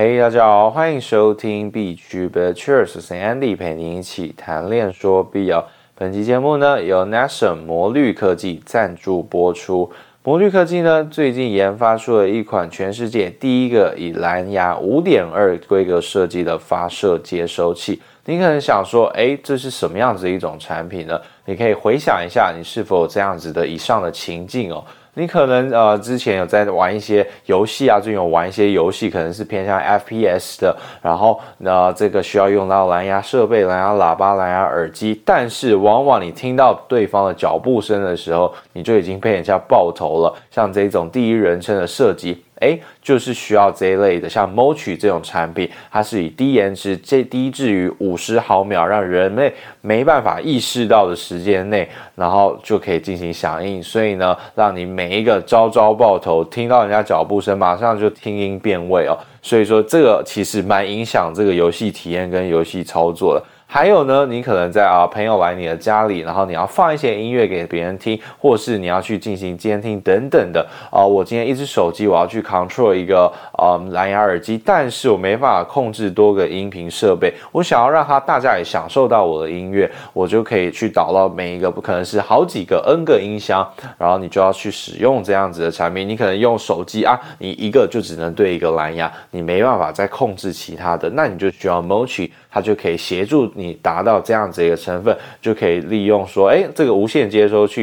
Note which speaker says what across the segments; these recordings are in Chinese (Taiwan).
Speaker 1: 嘿、hey，大家好，歡迎收聽 BG Ventures，Sandy 陪您一起談戀說必要。本期節目呢由 Nexum 魔綠科技贊助播出。魔綠科技呢最近研發出了一款全世界第一個以藍牙五點二規格設計的發射接收器。你可能想說，誒，這是什麼樣子一種產品呢？你可以回想一下，你是否這樣子的以上的情境哦。你可能呃之前有在玩一些遊戲啊，最近有玩一些遊戲可能是偏向 FPS 的，然後那、呃、這個需要用到藍牙設備、藍牙喇叭、藍牙耳機，但是往往你聽到對方的腳步聲的時候，你就已經被人家爆頭了，像這種第一人稱的射擊。誒，就是需要這一類的，像 Mochi 這種產品，它是以低延遲、最低至於五十毫秒，讓人類沒辦法意識到的時間內，然後就可以進行響應。所以呢，讓你每一個招招爆頭，聽到人家腳步聲，馬上就聽音辨位哦。所以說，這個其實蠻影響這個遊戲體驗跟遊戲操作的。還有呢，你可能在啊朋友來你的家裡，然後你要放一些音樂給別人聽，或是你要去進行監聽等等的啊。我今天一隻手機，我要去 control 一個嗯藍牙耳機，但是我沒辦法控制多個音頻設備。我想要讓它大家也享受到我的音樂，我就可以去導到每一個，不可能是好幾個 n 個音箱，然後你就要去使用這樣子的產品。你可能用手機啊，你一個就只能對一個藍牙，你沒辦法再控制其他的，那你就需要 mochi 它就可以協助你達到這樣子一個成分，就可以利用說，哎、欸，這個無線接收器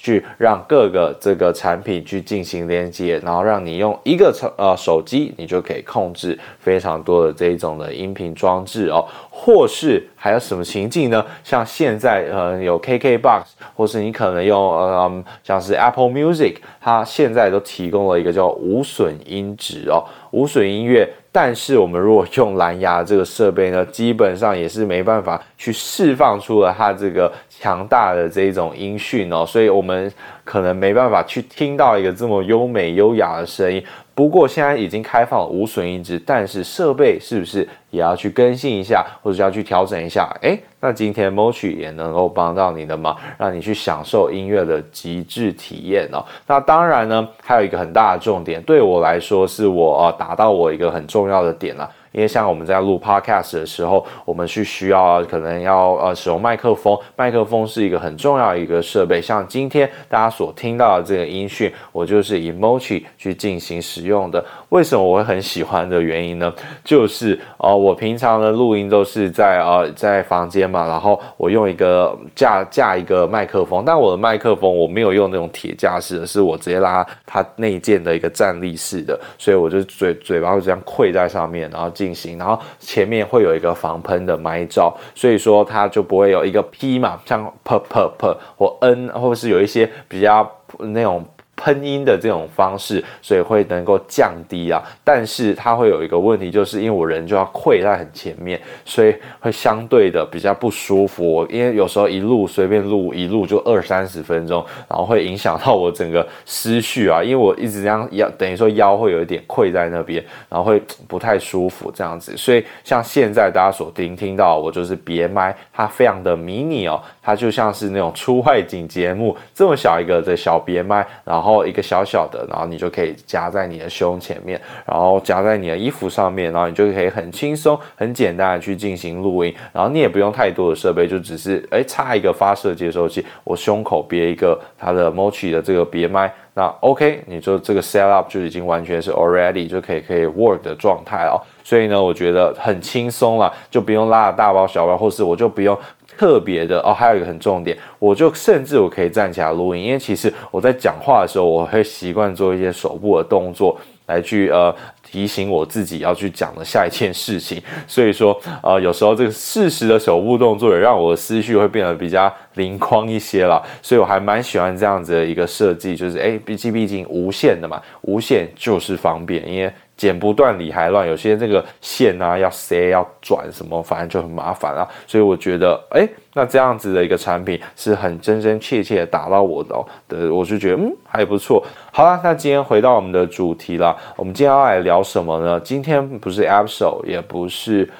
Speaker 1: 去讓各個這個產品去進行連接，然後讓你用一個呃手機，你就可以控制非常多的這一種的音頻裝置哦，或是還有什麼情境呢？像現在呃、嗯、有 KK Box，或是你可能用嗯像是 Apple Music，它現在都提供了一個叫無損音質哦，無損音樂。但是我們如果用藍牙這個設備呢，基本上也是沒辦法去釋放出了它這個強大的這一種音訊哦，所以我們可能沒辦法去聽到一個這麼優美優雅的聲音。不過現在已經開放無損音質，但是設備是不是也要去更新一下，或者是要去調整一下？誒，那今天 Mochi 也能夠幫到你的忙，讓你去享受音樂的極致體驗哦。那當然呢，還有一個很大的重點，對我來說是我、啊、達到我一個很重要的點了、啊。因為像我們在錄 podcast 的時候，我們是需要可能要呃使用麥克風，麥克風是一個很重要的一個設備。像今天大家所聽到的這個音訊，我就是以 VOCE 去進行使用的。為什麼我會很喜歡的原因呢？就是，呃，我平常的錄音都是在啊、呃、在房間嘛，然後我用一個架架一個麥克風，但我的麥克風我沒有用那種鐵架式的，是我直接拉它內建的一個站立式的，所以我就嘴嘴巴會這樣跪在上面，然後進行，然後前面會有一個防噴的麥罩，所以說它就不會有一個 P 嘛，像 P P P, -P 或 N，或是有一些比較那種。噴音的這種方式，所以會能夠降低啊，但是它會有一個問題，就是因為我人就要跪在很前面，所以會相對的比較不舒服。因為有時候一路隨便錄，一路就二三十分鐘，然後會影響到我整個思緒啊，因為我一直這樣腰，等於說腰會有一點跪在那邊，然後會不太舒服這樣子。所以像現在大家所聽聽到的我就是別麥，它非常的迷你喔，它就像是那種出外景節目這麼小一個的小別麥，然後。然後一個小小的，然後你就可以夾在你的胸前面，然後夾在你的衣服上面，然後你就可以很輕鬆、很簡單的去進行錄音，然後你也不用太多的設備，就只是誒差一個發射接收器，我胸口別一個它的 Mochi 的這個別麥，那 OK，你就這個 set up 就已經完全是 already 就可以可以 work 的狀態了哦，所以呢，我覺得很輕鬆啦，就不用拉大包小包，或是我就不用。特別的哦，還有一個很重點，我就甚至我可以站起來錄音，因為其實我在講話的時候，我會習慣做一些手部的動作來去呃提醒我自己要去講的下一件事情。所以說呃有時候這個事實的手部動作也讓我的思緒會變得比較靈光一些了，所以我還蠻喜歡這樣子的一個設計，就是哎，畢竟畢竟無線的嘛，無線就是方便，因為。剪不斷理還亂，有些這個線啊，要塞要轉什麼，反正就很麻煩啊。所以我覺得，誒、欸，那這樣子的一個產品是很真真切切打到我的、哦，對，我就覺得嗯還不錯。好啦，那今天回到我們的主題啦，我們今天要來聊什麼呢？今天不是 App Show，也不是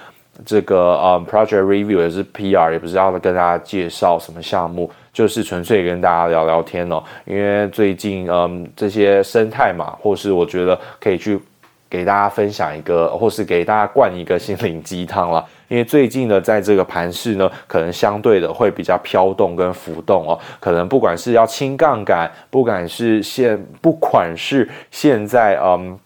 Speaker 1: 這個呃、嗯、Project Review，也是 PR，也不是要跟大家介紹什麼項目，就是純粹跟大家聊聊天哦。因為最近嗯這些生態嘛，或是我覺得可以去。給大家分享一個，或是給大家灌一個心靈雞湯了，因為最近呢，在這個盤勢呢，可能相對的會比較飄動跟浮動哦，可能不管是要輕槓桿，不管是現，不管是現在，嗯。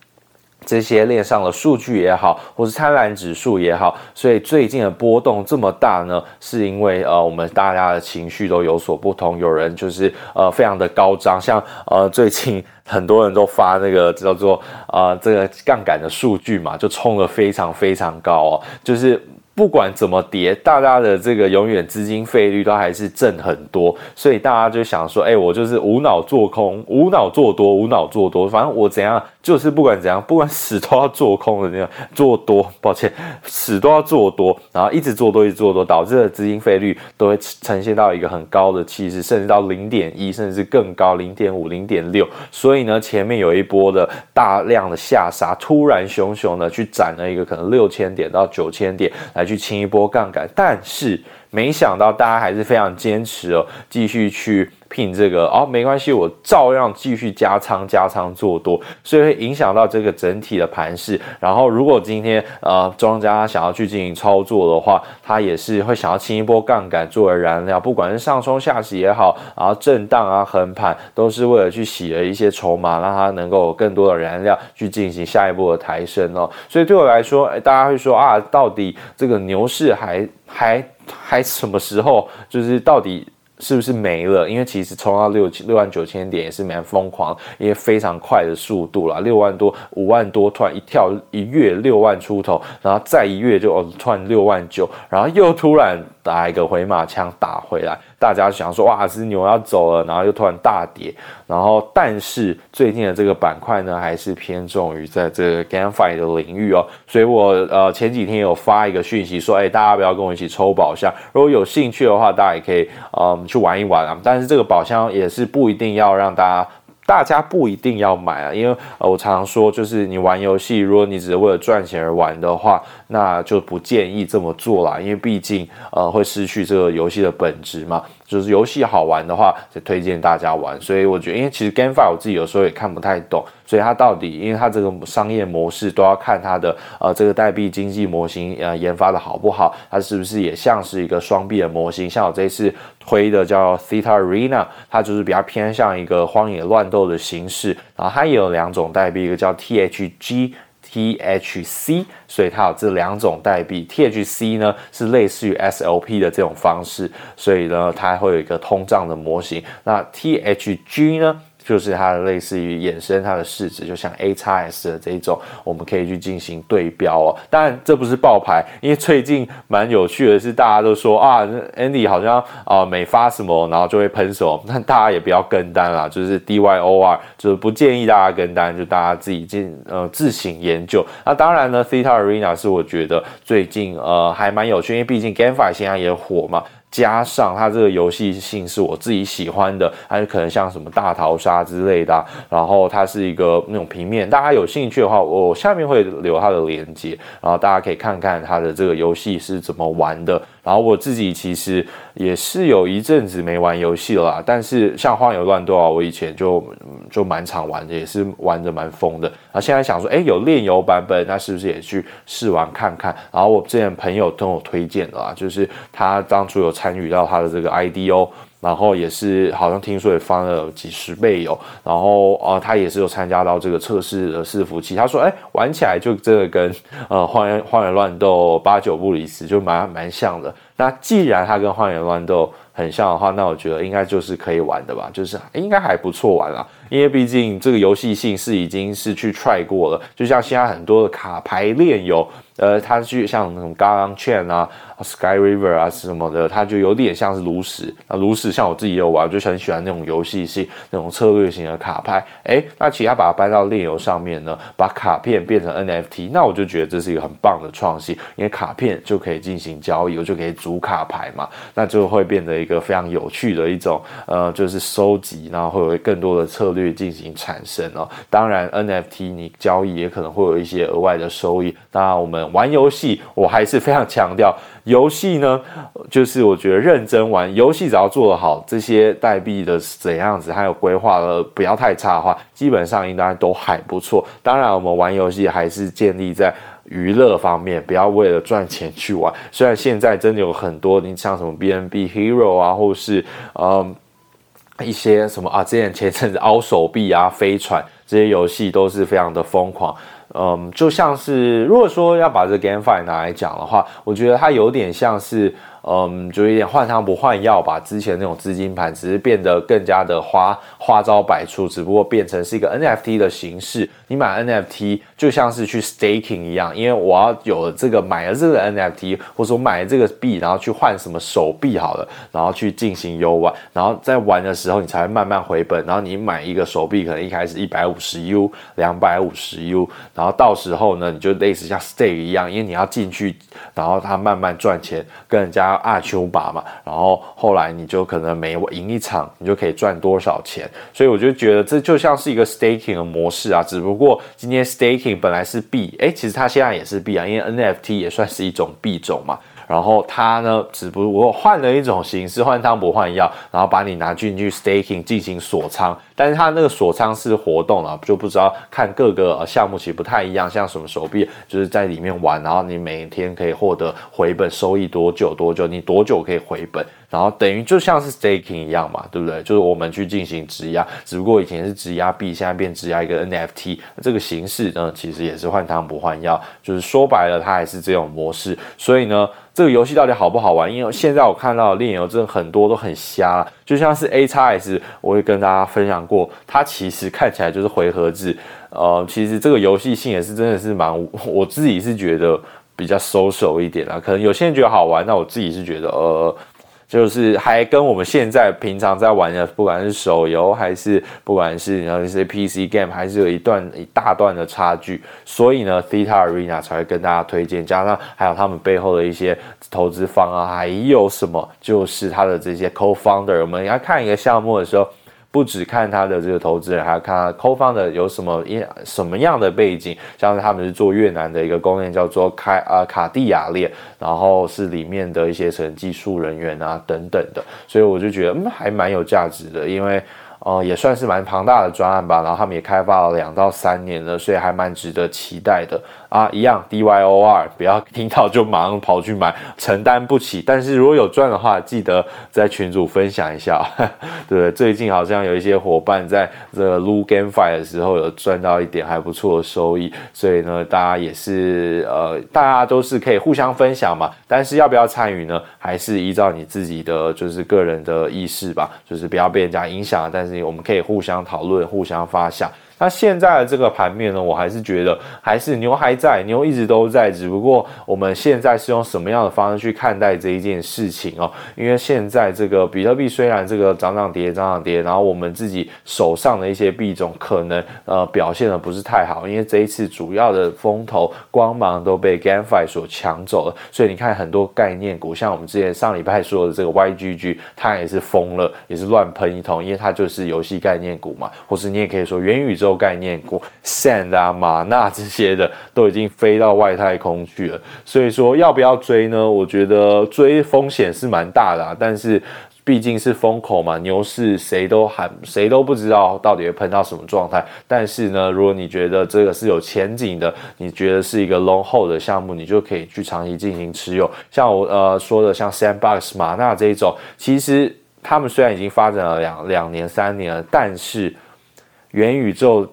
Speaker 1: 這些鏈上的數據也好，或是貪婪指數也好，所以最近的波動這麼大呢？是因為呃，我們大家的情緒都有所不同，有人就是呃，非常的高漲，像呃，最近很多人都發那個叫做啊、呃，這個槓桿的數據嘛，就衝得非常非常高，哦，就是。不管怎麼跌，大家的這個永遠資金費率都還是掙很多，所以大家就想說，哎、欸，我就是無腦做空，無腦做多，無腦做多，反正我怎樣，就是不管怎樣，不管死都要做空的那樣，做多，抱歉，死都要做多，然後一直，一直做多，一直做多，導致的資金費率都會呈現到一個很高的趨勢，甚至到零點一，甚至更高，零點五、零點六。所以呢，前面有一波的大量的下殺，突然熊熊的去斬了一個可能六千點到九千點。來去清一波槓桿，但是。沒想到大家還是非常堅持哦，繼續去拼這個哦，沒關係，我照樣繼續加倉加倉做多，所以會影響到這個整體的盤勢。然後，如果今天呃莊家想要去進行操作的話，他也是會想要清一波槓桿作為燃料，不管是上衝下洗也好，然後震盪啊橫盤都是為了去洗了一些籌碼，讓它能夠有更多的燃料去進行下一步的抬升哦。所以對我來說，大家會說啊，到底這個牛市還還？還什麼時候？就是到底是不是沒了？因為其實衝到六六萬九千點也是蠻瘋狂，因為非常快的速度啦。六萬多、五萬多突然一跳一躍六萬出頭，然後再一躍就哦突然六萬九，然後又突然。打一個回馬槍，打回來，大家想說，哇，這隻牛要走了，然後又突然大跌，然後但是最近的這個板塊呢，還是偏重於在這個 GameFi 的領域哦，所以我呃前幾天有發一個訊息說，哎、欸，大家不要跟我一起抽寶箱，如果有興趣的話，大家也可以呃去玩一玩啊，但是這個寶箱也是不一定要讓大家。大家不一定要買啊，因為，呃，我常常說，就是你玩遊戲，如果你只是為了賺錢而玩的話，那就不建議這麼做啦，因為畢竟呃，會失去這個遊戲的本質嘛。就是遊戲好玩的話，就推薦大家玩。所以我覺得，因為其實 GameFi 我自己有時候也看不太懂，所以它到底，因為它這個商業模式都要看它的呃這個代幣經濟模型呃研發的好不好，它是不是也像是一個雙幣的模型。像我這一次推的叫 Thetan Arena，它就是比較偏向一個荒野亂鬥的形式，然後它也有兩種代幣，一個叫 THG。THC，所以它有這兩種代幣。THC 呢是類似於 SLP 的這種方式，所以呢它會有一個通脹的模型。那 THG 呢？就是它的類似於衍生它的市值，就像 A 叉 S 的這一種，我們可以去進行對標哦。當然這不是爆牌，因為最近蠻有趣的，是大家都說啊，Andy 好像啊、呃、沒發什麼，然後就會噴手。那大家也不要跟單啦，就是 D Y O R，就是不建議大家跟單，就大家自己進呃自行研究。那當然呢，Thetan Arena 是我覺得最近呃還蠻有趣，因為畢竟 GameFi 現在也火嘛。加上它這個遊戲性是我自己喜歡的，還有可能像什麼大逃殺之類的啊，然後它是一個那種平面，大家有興趣的話，我下面會留它的鏈接，然後大家可以看看它的這個遊戲是怎麼玩的。然後我自己其實也是有一陣子沒玩遊戲了啦，但是像荒野亂鬥啊，我以前就就蠻常玩的，也是玩的蠻瘋的。然後現在想說，誒，有鏈遊版本，那是不是也去試玩看看？然後我之前朋友都有推薦了，就是他當初有參與到他的這個 IDO。然後也是，好像聽說也翻了幾十倍有、哦、然後啊、呃，他也是有參加到這個測試的伺服器。他說，誒，玩起來就這個跟呃《荒野荒野亂鬥》八九不離十，就蠻蠻像的。那既然它跟《荒野亂鬥》很像的話，那我覺得應該就是可以玩的吧，就是應該還不錯玩啦、啊，因為畢竟這個遊戲性是已經是去 try 過了，就像現在很多的卡牌鏈遊。呃，它就像那種《Gods Unchained》啊，《Sky River》啊什麼的，它就有點像是爐石。那、啊、爐石像我自己有玩，就很喜歡那種遊戲性，是那種策略型的卡牌。哎，那其他把它搬到鏈遊上面呢，把卡片變成 NFT，那我就覺得這是一個很棒的創新，因為卡片就可以進行交易，我就可以組卡牌嘛，那就會變得一個非常有趣的一種呃，就是收集，然後會有更多的策略進行產生哦。當然，NFT 你交易也可能會有一些額外的收益。那我們。玩遊戲，我還是非常強調遊戲呢，就是我覺得認真玩遊戲，只要做得好，這些代幣的怎樣子，還有規劃的不要太差的話，基本上應該都還不錯。當然，我們玩遊戲還是建立在娛樂方面，不要為了賺錢去玩。雖然現在真的有很多，你像什麼 BNB Hero 啊，或是嗯、呃、一些什麼啊，之前前陣子凹手臂啊、飛船這些遊戲都是非常的瘋狂。嗯，就像是，如果說要把這 GameFi 拿來講的話，我覺得它有點像是。嗯，就有點換湯不換藥吧。之前那種資金盤，只是變得更加的花花招百出，只不過變成是一個 NFT 的形式。你買 NFT 就像是去 staking 一樣，因為我要有了這個買了這個 NFT，或者說買了這個幣，然後去換什麼手臂好了，然後去進行遊玩，然後在玩的時候你才會慢慢回本。然後你買一個手臂，可能一開始一百五十 U，兩百五十 U，然後到時候呢，你就類似像 stake 一樣，因為你要進去，然後它慢慢賺錢，跟人家。阿丘巴嘛，然後後來你就可能每贏一場，你就可以賺多少錢，所以我就覺得這就像是一個 staking 的模式啊，只不過今天 staking 本來是幣，哎，其實它現在也是幣啊，因為 NFT 也算是一種幣種嘛。然後他呢，只不過換了一種形式，換湯不換藥，然後把你拿進去 staking 進行鎖倉，但是他那個鎖倉是活動啊，就不知道，看各個項目其實不太一樣，像什麼手臂就是在裡面玩，然後你每天可以獲得回本收益多久多久，你多久可以回本？然後等於就像是 staking 一樣嘛，對不對？就是我們去進行質押，只不過以前是質押 B，現在變質押一個 NFT。這個形式呢，其實也是換湯不換藥，就是說白了，它還是這種模式。所以呢，這個遊戲到底好不好玩？因為現在我看到的鏈遊真的很多都很瞎啦，就像是 AXS，我也跟大家分享過，它其實看起來就是回合制。呃，其實這個遊戲性也是真的是蠻，我自己是覺得比較 social 一點啦。可能有些人覺得好玩，那我自己是覺得呃。就是還跟我們現在平常在玩的，不管是手遊還是不管是然後一些 PC game，還是有一段一大段的差距，所以呢，Thetan Arena 才會跟大家推薦，加上還有他們背後的一些投資方啊，還有什麼，就是他的這些 Co-founder，我們要看一個項目的時候。不只看他的這個投資人，還要看他 co-founder 的有什麼一什麼樣的背景，像是他們是做越南的一個工業叫做開啊卡地亞列，然後是裡面的一些成技術人員啊等等的，所以我就覺得嗯還蠻有價值的，因為呃也算是蠻龐大的專案吧，然後他們也開發了兩到三年了，所以還蠻值得期待的。啊，一樣 D Y O R，不要聽到就馬上跑去買，承擔不起。但是如果有賺的話，記得在群組分享一下，對 對。最近好像有一些夥伴在 the 擼 Game Fight 的時候有賺到一點還不錯的收益，所以呢，大家也是呃，大家都是可以互相分享嘛。但是要不要參與呢？還是依照你自己的就是個人的意識吧，就是不要被人家影響。但是我們可以互相討論，互相發想。那現在的這個盤面呢，我還是覺得還是牛還在，牛一直都在，只不過我們現在是用什麼樣的方式去看待這一件事情哦？因為現在這個比特幣雖然這個漲漲跌漲漲跌，然後我們自己手上的一些幣種可能呃表現的不是太好，因為這一次主要的風頭光芒都被 GameFi 所搶走了，所以你看很多概念股，像我們之前上禮拜說的這個 YGG，它也是瘋了，也是亂噴一通，因為它就是遊戲概念股嘛，或是你也可以說元宇宙。概念股，Sand 啊、馬納這些的都已經飛到外太空去了。所以說，要不要追呢？我覺得追風險是蠻大的啊，但是畢竟是風口嘛，牛市誰都喊誰都不知道到底會噴到什麼狀態。但是呢，如果你覺得這個是有前景的，你覺得是一個 long hold 的項目，你就可以去長期進行持有。像我呃說的，像 Sandbox、馬納這一種，其實他們雖然已經發展了兩兩年、三年了，但是。元宇宙。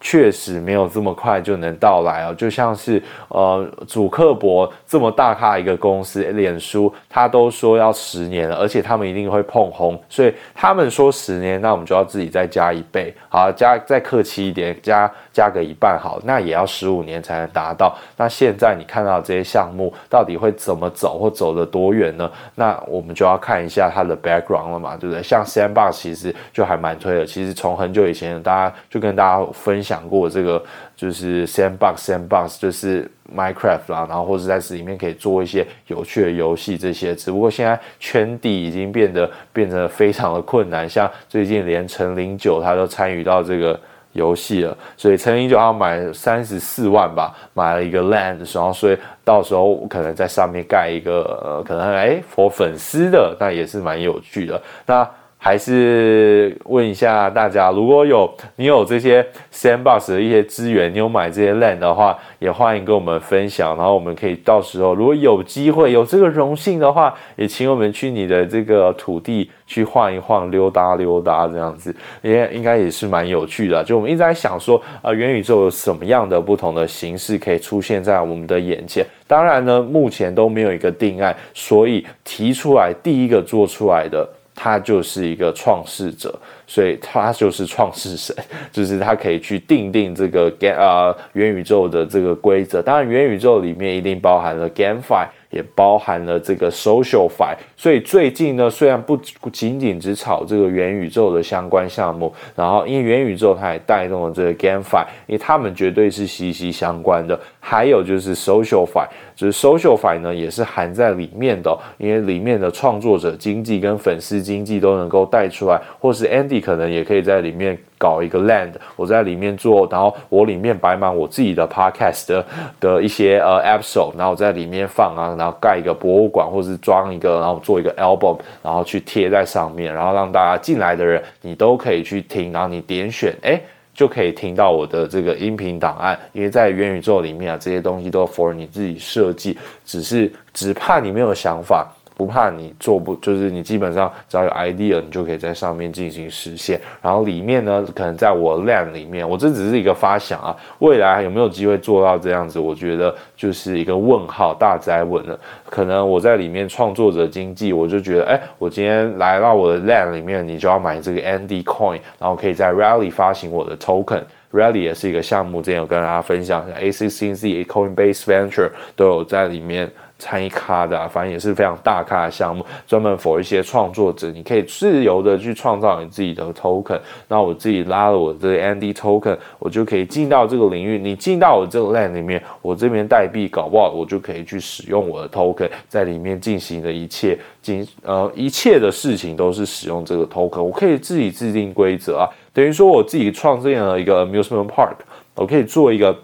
Speaker 1: 確實沒有這麼快就能到來哦，就像是呃，祖克伯這麼大咖一個公司，臉書他都說要十年了，而且他們一定會膨風，所以他們說十年，那我們就要自己再加一倍，好，加再客氣一點，加加個一半，好，那也要十五年才能達到。那現在你看到這些項目到底會怎麼走，或走得多遠呢？那我們就要看一下它的 background 了嘛，對不對？像 Sandbox 其實就還蠻推的，其實從很久以前，大家就跟大家分享。想過這個就是 sandbox sandbox 就是 Minecraft 啦，然後或者在裡面可以做一些有趣的遊戲這些。只不過現在圈地已經變得變得非常的困難，像最近連陳零九他都參與到這個遊戲了，所以陳零九他買三十四萬吧，買了一個 land，然後所以到時候我可能在上面蓋一個呃，可能哎，for 粉絲的，那也是蠻有趣的。那還是問一下大家，如果有你有這些 Sandbox 的一些資源，你有買這些 Land 的話，也歡迎跟我們分享。然後我們可以到時候，如果有機會有這個榮幸的話，也請我們去你的這個土地去晃一晃、溜達溜達，這樣子也應該也是蠻有趣的啊。就我們一直在想說，啊、呃，元宇宙有什麼樣的不同的形式可以出現在我們的眼前？當然呢，目前都沒有一個定案，所以提出來第一個做出來的。他就是一個創世者，所以他就是創世神，就是他可以去定定這個 game，呃元宇宙的這個規則。當然，元宇宙裡面一定包含了 gamify，也包含了這個 socialify。所以最近呢，雖然不僅僅只炒這個元宇宙的相關項目，然後因為元宇宙它也帶動了這個 GameFi，因為他們絕對是息息相關的。還有就是 SocialFi，就是 SocialFi 呢也是含在裡面的哦，因為裡面的創作者經濟跟粉絲經濟都能夠帶出來，或是 Andy 可能也可以在裡面搞一個 Land，我在裡面做，然後我裡面擺滿我自己的 Podcast 的、的一些呃 App Show，然後在裡面放啊，然後蓋一個博物館，或是裝一個，然後做。一個 album，然後去貼在上面，然後讓大家進來的人，你都可以去聽。然後你點選，哎，就可以聽到我的這個音頻檔案。因為在元宇宙裡面啊，這些東西都 for 你自己設計，只是只怕你沒有想法。不怕你做不，就是你基本上只要有 idea，你就可以在上面進行實現。然後裡面呢，可能在我 land 裡面，我這只是一個發想啊。未來有沒有機會做到這樣子，我覺得就是一個問號，大哉問了。可能我在裡面創作者經濟，我就覺得，哎，我今天來到我的 land 裡面，你就要買這個 Andy Coin，然後可以在 Rally 發行我的 token。Rally 也是一個項目，之前有跟大家分享一下，ACCZ、Coinbase Venture 都有在裡面。參與咖的，啊，反正也是非常大咖的項目，專門 for 一些創作者，你可以自由的去創造你自己的 token。那我自己拉了我這個 Andy token，我就可以進到這個領域。你進到我這個 land 裡面，我這邊代幣搞不好，我就可以去使用我的 token，在裡面進行的一切，進呃一切的事情都是使用這個 token。我可以自己制定規則啊，等於說我自己創建了一個 amusement park，我可以做一個。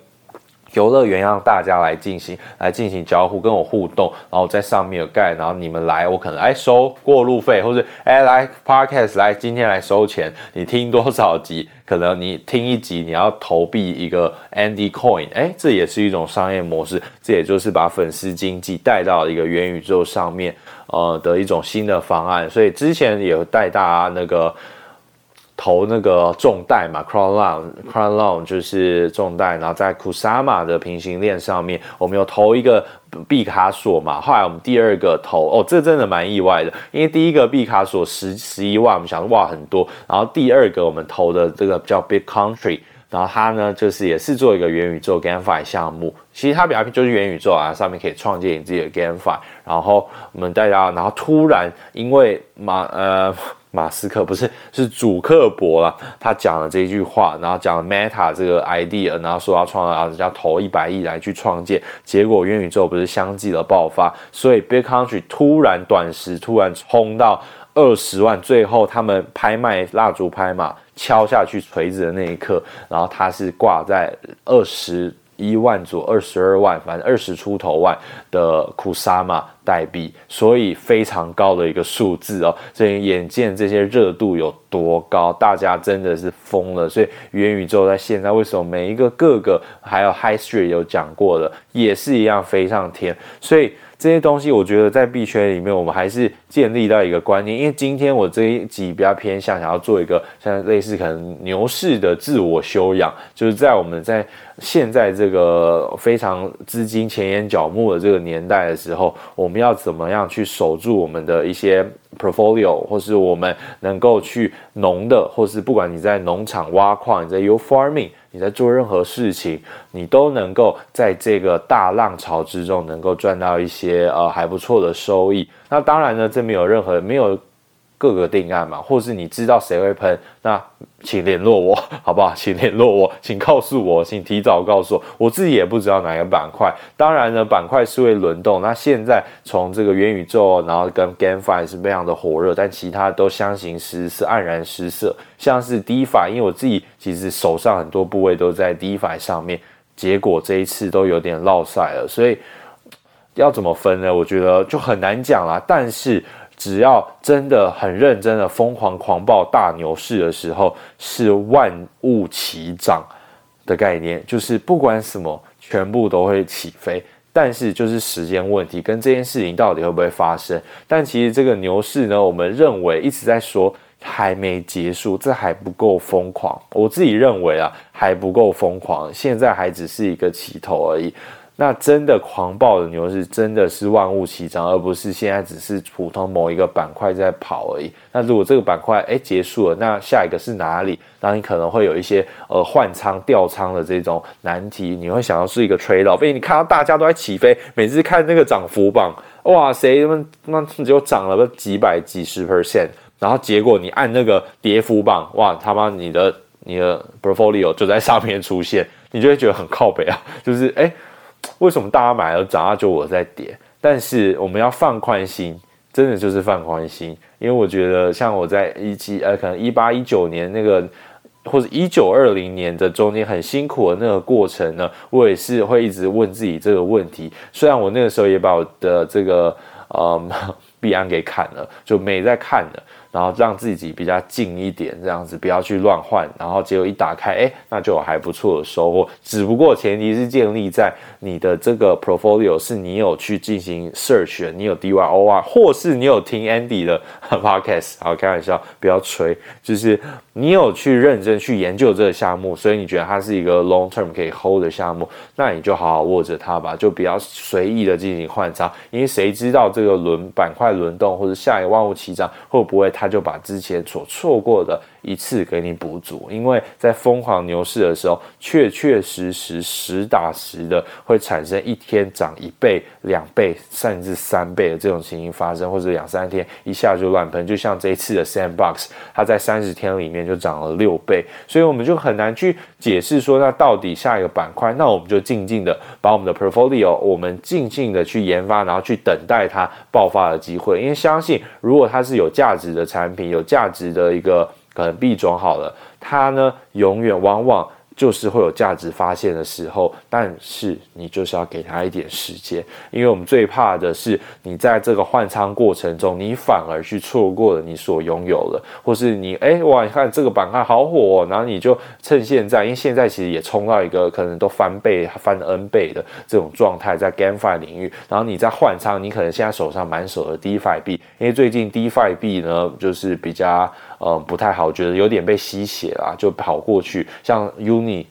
Speaker 1: 遊樂園讓大家來進行，來進行交互，跟我互動，然後在上面有蓋，然後你們來，我可能哎收過路費，或是哎、欸、來 podcast 來今天來收錢，你聽多少集，可能你聽一集你要投幣一個 Andy Coin，哎、欸，這也是一種商業模式，這也就是把粉絲經濟帶到一個元宇宙上面，呃的一種新的方案，所以之前也帶大家那個。投那個眾貸嘛，Crowdloan，Crowdloan 就是眾貸，然後在 Kusama 的平行鏈上面，我們有投一個畢卡索嘛，後來我們第二個投，哦，這真的蠻意外的，因為第一個畢卡索十十一萬，我們想說哇很多，然後第二個我們投的這個叫 Big Country。然後他呢，就是也是做一個元宇宙 GameFi 項目，其實他比較就是元宇宙啊，上面可以創建你自己的 GameFi，然後我們大家，然後突然因為馬呃馬斯克不是是祖克伯啦，他講了這句話，然後講 Meta 這個 idea，然後說要創造，然後人家投一百億來去創建，結果元宇宙不是相繼的爆發，所以 Bit.Country 突然短時突然衝到。二十萬，最後他們拍賣蠟燭拍嘛，敲下去錘子的那一刻，然後它是掛在二十一萬左右二十二萬，反正二十出頭萬的庫薩瑪代幣，所以非常高的一個數字哦。所以眼見這些熱度有多高，大家真的是瘋了。所以元宇宙在現在為什麼每一個各個還有 High Street 有講過的，也是一樣飛上天。所以。這些東西，我覺得在幣圈裡面，我們還是建立到一個觀念。因為今天我這一集比較偏向，想要做一個像類似可能牛市的自我修養，就是在我們在。現在這個非常資金錢淹腳目的這個年代的時候，我們要怎麼樣去守住我們的一些 portfolio，或是我們能夠去農的，或是不管你在農場挖礦，你在 you farming，你在做任何事情，你都能夠在這個大浪潮之中能夠賺到一些呃還不錯的收益。那當然呢，這沒有任何沒有。各個定案嘛，或是你知道誰會噴，那請聯絡我，好不好？請聯絡我，請告訴我，請提早告訴我，我自己也不知道哪個板塊。當然呢，板塊是會輪動。那現在從這個元宇宙，然後跟 GameFi 是非常的火熱，但其他都相形失色，黯然失色。像是 Defi，因為我自己其實手上很多部位都在 Defi 上面，結果這一次都有點落曬了。所以要怎麼分呢？我覺得就很難講啦。但是。只要真的很認真的瘋狂狂暴大牛市的時候，是萬物齊漲的概念，就是不管什麼，全部都會起飛。但是就是時間問題，跟這件事情到底會不會發生？但其實這個牛市呢，我們認為一直在說還沒結束，這還不夠瘋狂。我自己認為啊，還不夠瘋狂，現在還只是一個起頭而已。那真的狂暴的牛市，真的是萬物齊漲，而不是現在只是普通某一個板塊在跑而已。那如果這個板塊誒、欸、結束了，那下一個是哪裡？那你可能會有一些呃換倉、調倉的這種難題。你會想要是一個 trader 因被，你看到大家都在起飛，每次看那個漲幅榜，哇，誰們那就漲了幾百、幾十 percent，然後結果你按那個跌幅榜，哇，他媽你的你的 portfolio 就在上面出現，你就會覺得很靠北啊，就是誒、欸為什麼大家買了漲，早上就我在跌？但是我們要放寬心，真的就是放寬心。因為我覺得，像我在一七呃，可能一八一九年那個，或者一九二零年的中間很辛苦的那個過程呢，我也是會一直問自己這個問題。雖然我那個時候也把我的這個呃幣安給砍了，就沒再看了。然後讓自己比較近一點，這樣子不要去亂換。然後結果一打開，哎，那就有還不錯的收穫。只不過前提是建立在你的這個 portfolio 是你有去進行 search，你有 DYOR 或是你有聽 Andy 的 podcast。好，開玩笑，不要吹，就是你有去認真去研究這個項目，所以你覺得它是一個 long term 可以 hold 的項目，那你就好好握着它吧，就不要隨意的進行換倉，因為誰知道這個輪板塊輪動或者下一萬物起漲會不會，他就把之前所錯過的。一次給你補足，因為在瘋狂牛市的時候，確確實實、實打實的會產生一天漲一倍、兩倍，甚至三倍的這種情形發生，或者兩三天一下就亂噴，就像這一次的 Sandbox，它在三十天裡面就漲了六倍，所以我們就很難去解釋說，那到底下一個板塊，那我們就靜靜的把我們的 Portfolio，我們靜靜的去研發，然後去等待它爆發的機會，因為相信如果它是有價值的產品，有價值的一個。可能幣種好了，它呢永遠往往就是會有價值發現的時候，但是你就是要給它一點時間，因為我們最怕的是你在這個換倉過程中，你反而去錯過了你所擁有的，或是你誒、欸、哇，你看這個板塊好火哦，然後你就趁現在，因為現在其實也衝到一個可能都翻倍、翻 N 倍的這種狀態，在 GameFi 領域，然後你再換倉，你可能現在手上滿手的 DeFi 幣，因為最近 DeFi 幣呢就是比較。呃、嗯，不太好，我覺得有點被吸血啦，就跑過去。像 Uni，Uni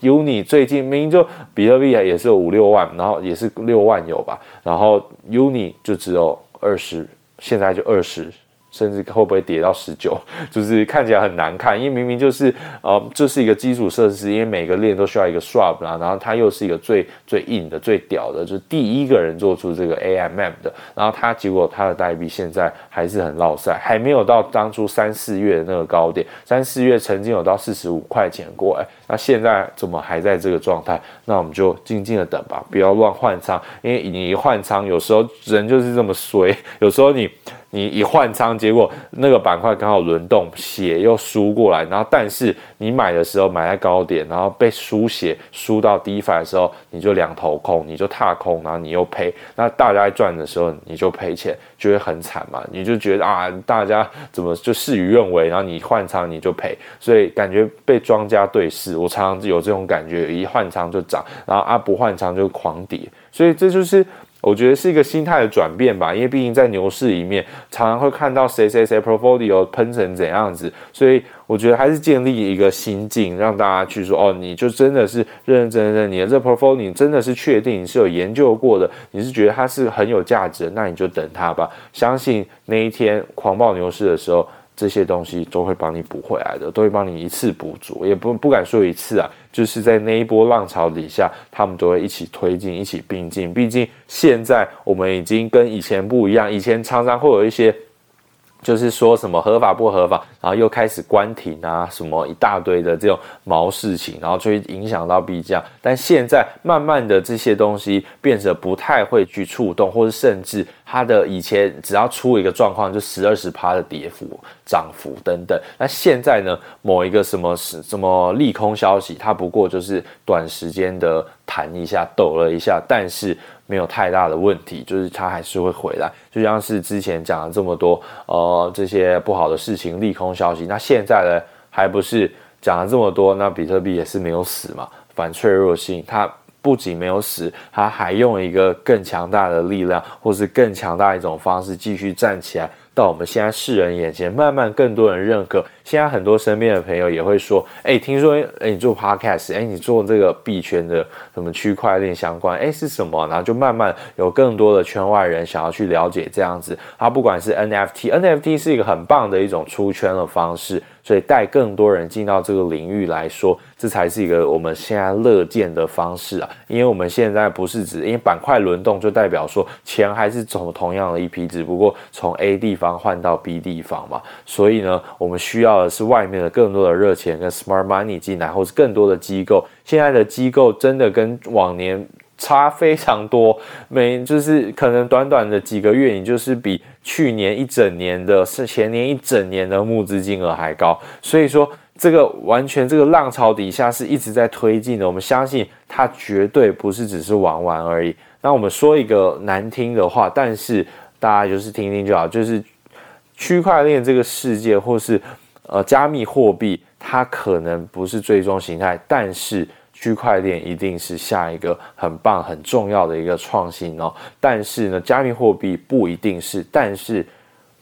Speaker 1: UNI 最近明明就比特幣也是有五六萬，然後也是六萬有吧，然後 Uni 就只有二十，現在就二十。甚至會不會跌到十九？就是看起來很難看，因為明明就是呃，這、就是一個基礎設施，因為每個鏈都需要一個 swap 啦，然後它又是一個最最硬的、最屌的，就是第一個人做出這個 AMM 的，然後它結果它的代幣現在還是很落賽，還沒有到當初三四月的那個高點，三四月曾經有到四十五塊錢過，哎那現在怎麼還在這個狀態？那我們就靜靜的等吧，不要亂換倉。因為你一換倉，有時候人就是這麼衰。有時候你你一換倉，結果那個板塊剛好輪動，血又輸過來，然後但是你買的時候買在高點，然後被輸血輸到低反的時候，你就兩頭空，你就踏空，然後你又賠。那大家賺的時候你就賠錢，就會很慘嘛。你就覺得啊，大家怎麼就事與願違？然後你換倉你就賠，所以感覺被莊家對視。多倉有這種感覺，一換倉就漲，然後、啊、不換倉就狂跌，所以這就是我覺得是一個心態的轉變吧。因為畢竟在牛市裡面，常常會看到誰誰誰 portfolio 噴成怎樣子，所以我覺得還是建立一個心境，讓大家去說：哦，你就真的是認認真真，你的這 portfolio 真的是確定，你是有研究過的，你是覺得它是很有價值的，那你就等它吧。相信那一天狂暴牛市的時候。這些東西都會幫你補回來的，都會幫你一次補足，也不不敢說一次啊，就是在那一波浪潮底下，他們都會一起推進，一起並進。畢竟現在我們已經跟以前不一樣，以前常常會有一些。就是說什麼合法不合法，然後又開始關停啊，什麼一大堆的這種毛事情，然後就會影響到幣價，但現在慢慢的這些東西變成不太會去觸動，或是甚至它的以前只要出一個狀況就十二十趴的跌幅、漲幅等等。那現在呢，某一個什麼什麼利空消息，它不過就是短時間的彈一下、抖了一下，但是。沒有太大的問題，就是它還是會回來。就像是之前講了這麼多，呃，這些不好的事情、利空消息，那現在呢，還不是講了這麼多，那比特幣也是沒有死嘛。反脆弱性，它不僅沒有死，它還用一個更強大的力量，或是更強大一種方式，繼續站起來。到我們現在世人眼前，慢慢更多人認可。現在很多身邊的朋友也會說：“哎，聽說哎你做 podcast，哎你做這個幣圈的什麼區塊鏈相關，哎是什麼？”然後就慢慢有更多的圈外人想要去了解這樣子。它不管是 NFT，NFT NFT 是一個很棒的一種出圈的方式。所以帶更多人進到這個領域來說，這才是一個我們現在樂見的方式啊！因為我們現在不是指，因為板塊輪動就代表說錢還是從同樣的一批，只不過從 A 地方換到 B 地方嘛。所以呢，我們需要的是外面的更多的熱錢跟 smart money 進來，或是更多的機構。現在的機構真的跟往年，差非常多，每就是可能短短的幾個月，你就是比去年一整年的是前年一整年的募資金額還高，所以說這個完全這個浪潮底下是一直在推進的，我們相信它絕對不是只是玩玩而已。那我們說一個難聽的話，但是大家就是聽聽就好，就是區塊鏈這個世界或是呃加密貨幣，它可能不是最終形態，但是。區塊鏈一定是下一個很棒、很重要的一個創新哦。但是呢，加密貨幣不一定是，但是，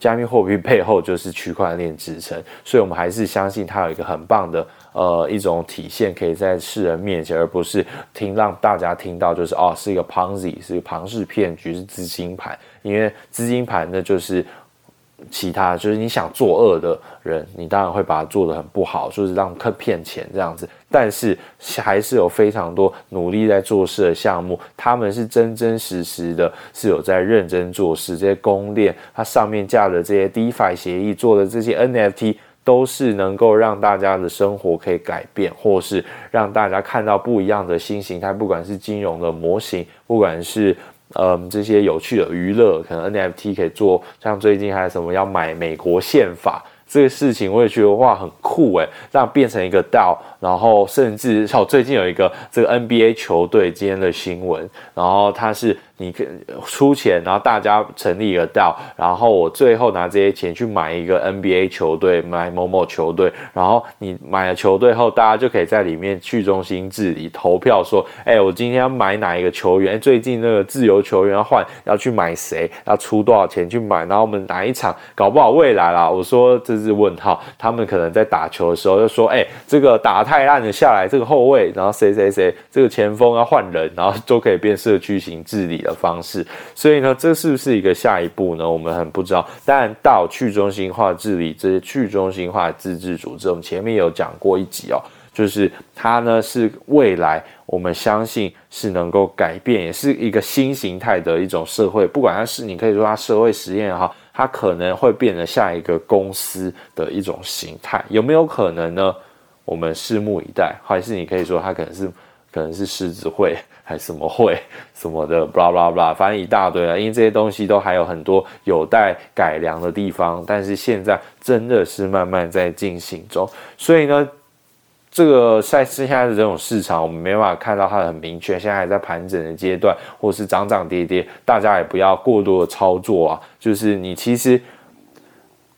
Speaker 1: 加密貨幣背後就是區塊鏈支撐，所以我們還是相信它有一個很棒的呃一種體現，可以在世人面前，而不是聽讓大家聽到就是哦，是一個 Ponzi，是一個龐氏騙局，是資金盤，因為資金盤呢就是。其他就是你想作惡的人，你當然會把它做得很不好，就是讓他騙錢這樣子。但是還是有非常多努力在做事的項目，他們是真真實實的，是有在認真做事。這些公鏈它上面架的這些 DeFi 協議做的這些 NFT，都是能夠讓大家的生活可以改變，或是讓大家看到不一樣的新形態，不管是金融的模型，不管是。嗯，這些有趣的娛樂，可能 NFT 可以做，像最近還有什麼要買美國憲法這個事情，我也覺得哇很酷，哎、欸，讓變成一個 DAO，然後甚至像我最近有一個這個 NBA 球隊今天的新聞，然後它是。你出錢，然後大家成立一個 DAO，然後我最後拿這些錢去買一個 NBA 球隊，買某某球隊，然後你買了球隊後，大家就可以在裡面去中心治理，投票說，哎、欸，我今天要買哪一個球員？欸、最近那個自由球員要換，要去買誰？要出多少錢去買？然後我們哪一場搞不好未來啦。我說這是問號。他們可能在打球的時候就說，哎、欸，這個打太爛了，下來這個後衛，然後誰誰誰，這個前鋒要換人，然後都可以變社區型治理。的方式，所以呢，這是不是一個下一步呢？我們很不知道。當然，到去中心化治理，這些去中心化自治組織，我們前面有講過一集哦，就是它呢是未來，我們相信是能夠改變，也是一個新形態的一種社會。不管它是，你可以說它社會實驗也好，它可能會變得像一個公司的一種形態，有沒有可能呢？我們拭目以待，還是你可以說它可能是，可能是獅子會。還什麼會什麼的，blah blah blah，反正一大堆，因為這些東西都還有很多有待改良的地方。但是現在真的是慢慢在進行中，所以呢，這個賽事現在剩下的這種市場，我們沒辦法看到它很明確，現在還在盤整的階段，或是漲漲跌跌，大家也不要過多的操作啊。就是你其實。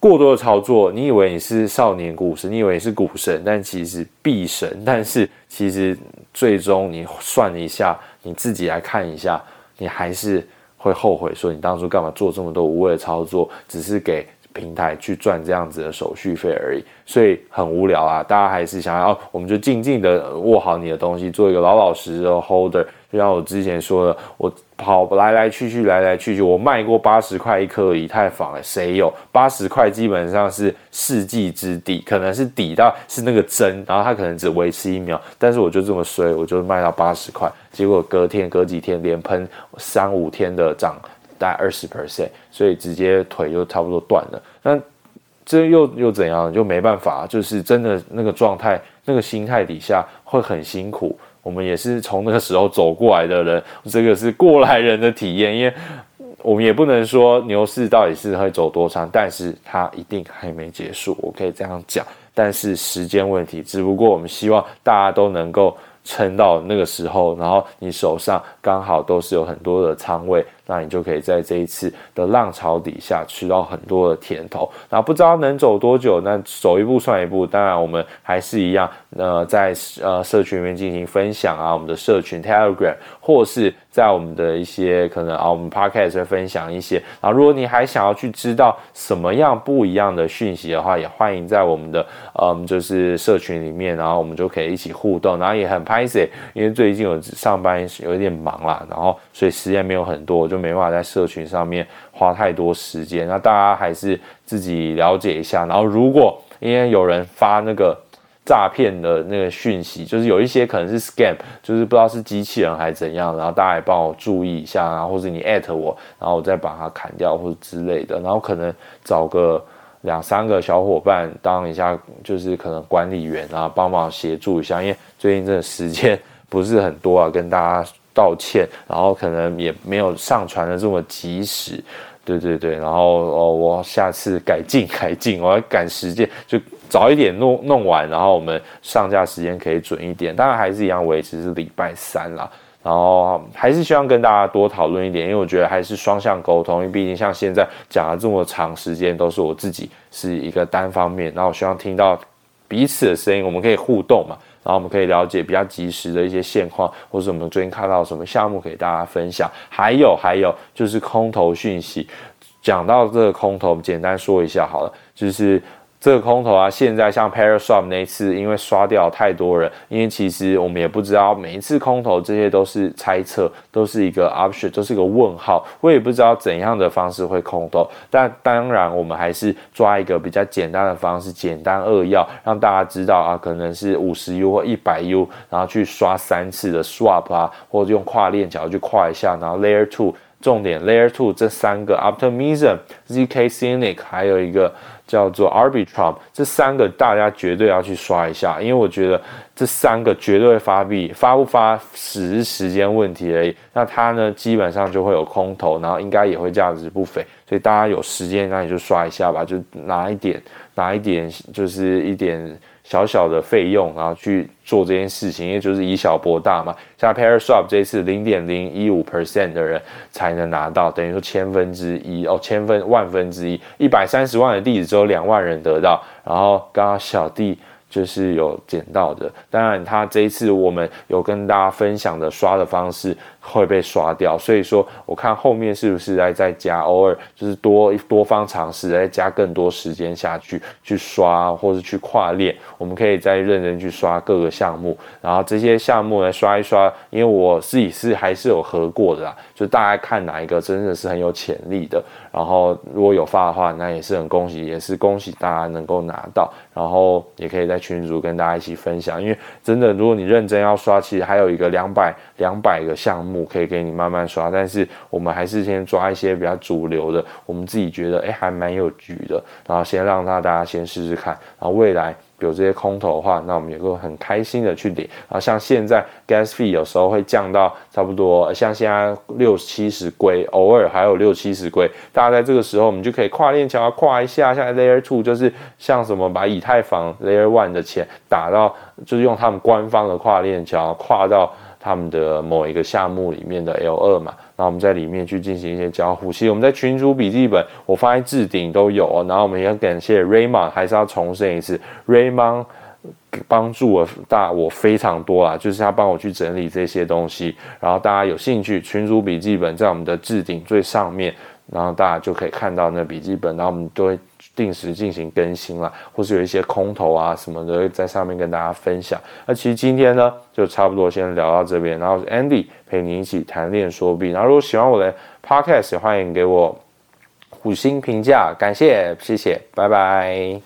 Speaker 1: 過多的操作，你以為你是少年股神，你以為你是股神，但其實幣神。但是其實最終你算一下，你自己來看一下，你還是會後悔，說你當初幹嘛做這麼多無謂的操作，只是給。平台去賺這樣子的手續費而已，所以很無聊啊！大家還是想要、哦，我們就靜靜的握好你的東西，做一個老老實實的 holder。就像我之前說的，我跑來來去去來來去去，我賣過八十塊一顆以太坊、欸，誰有？八十塊基本上是世紀之底，可能是底到是那個針，然後它可能只維持一秒，但是我就這麼衰，我就賣到八十塊，結果隔天隔幾天連噴三五天的漲。大概二十 percent，所以直接腿就差不多斷了。那這又又怎樣？就沒辦法，就是真的那個狀態、那個心態底下會很辛苦。我們也是從那個時候走過來的人，這個是過來人的體驗。因為我們也不能說牛市到底是會走多長，但是它一定還沒結束，我可以這樣講。但是時間問題，只不過我們希望大家都能夠撐到那個時候，然後你手上剛好都是有很多的倉位。那你就可以在這一次的浪潮底下吃到很多的甜頭，然後不知道能走多久，那走一步算一步。當然，我們還是一樣，呃，在呃社群裡面進行分享啊，我們的社群 Telegram 或是在我們的一些可能啊，我們 Podcast 會分享一些。然後，如果你還想要去知道什麼樣不一樣的訊息的話，也歡迎在我們的嗯、呃，就是社群裡面，然後我們就可以一起互動。然後也很拍謝，欸，因為最近有上班有一點忙啦，然後所以時間沒有很多，就。沒辦法在社群上面花太多時間，那大家還是自己了解一下。然後如果因為有人發那個詐騙的那個訊息，就是有一些可能是 scam，就是不知道是機器人還是怎樣，然後大家也幫我注意一下，啊，或是你 at 我，然後我再把它砍掉或者之類的。然後可能找個兩三個小夥伴當一下，就是可能管理員啊，幫忙協助一下，因為最近這時間不是很多啊，跟大家道歉，然後可能也沒有上傳的這麼及時，對對對，然後哦，我下次改進改進，我要趕時間，就早一點弄弄完，然後我們上架時間可以準一點，當然還是一樣維持是禮拜三啦。然後還是希望跟大家多討論一點，因為我覺得還是雙向溝通，因為畢竟像現在講了這麼長時間，都是我自己是一個單方面，然後我希望聽到彼此的聲音，我們可以互動嘛。然後我們可以了解比較及時的一些現況，或者我們最近看到什麼項目給大家分享。還有，還有就是空投訊息。講到這個空投，簡單說一下好了，就是。這個空投啊，現在像 Paraswap 那一次，因為刷掉太多人，因為其實我們也不知道每一次空投這些都是猜測，都是一個 option，都是一個問號。我也不知道怎樣的方式會空投，但當然我們還是抓一個比較簡單的方式，簡單扼要讓大家知道啊，可能是五十 U 或一百 U，然後去刷三次的 swap 啊，或者用跨鏈橋去跨一下，然後 Layer Two 重點 Layer Two 這三個 optimism、zkSync 還有一個。叫做 Arbitrum，這三個大家絕對要去刷一下，因為我覺得。這三個絕對會發幣，發不發是時，時間問題而已。那它呢，基本上就會有空投，然後應該也會價值不菲。所以大家有時間，那你就刷一下吧，就拿一點，拿一點，就是一點小小的費用，然後去做這件事情，因為就是以小博大嘛。像 ParaSwap 這一次，零點零一五 percent 的人才能拿到，等於說千分之一哦，千分萬分之一，一百三十萬的地址只有兩萬人得到。然後剛剛小弟。就是有撿到的，當然他這一次我們有跟大家分享的刷的方式。會被刷掉，所以說我看後面是不是來再加，偶爾就是多多方嘗試，再加更多時間下去去刷，或是去跨鏈，我們可以再認真去刷各個項目，然後這些項目來刷一刷，因為我自己是還是有合過的啦，就大家看哪一個真的是很有潛力的，然後如果有發的話，那也是很恭喜，也是恭喜大家能夠拿到，然後也可以在群組跟大家一起分享，因為真的如果你認真要刷，其實還有一個兩百兩百個項目。我可以給你慢慢刷，但是我們還是先抓一些比較主流的，我們自己覺得誒，還蠻有局的，然後先讓他大家先試試看。然後未來比如這些空投的話，那我們也會很開心的去領。然後像現在 gas fee 有時候會降到差不多，像現在六七十龜，偶爾還有六七十龜。大家在這個時候，我們就可以跨鏈橋跨一下，像 layer two 就是像什麼把以太坊 layer one 的錢打到，就是用他們官方的跨鏈橋跨到。他們的某一個項目裡面的 L2 嘛，然後我們在裡面去進行一些交互。其實我們在群組筆記本，我發現置頂都有哦。然後我們也要感謝 Raymond，還是要重申一次，Raymond 幫助我大我非常多啊，就是他幫我去整理這些東西。然後大家有興趣，群組筆記本在我們的置頂最上面，然後大家就可以看到那筆記本。然後我們都會定時進行更新啦，或是有一些空投啊什麼的，在上面跟大家分享。那其實今天呢，就差不多先聊到這邊。然後是 Andy 陪你一起談鏈說幣。然後如果喜歡我的 Podcast，也歡迎給我五星評價，感謝，謝謝，拜拜。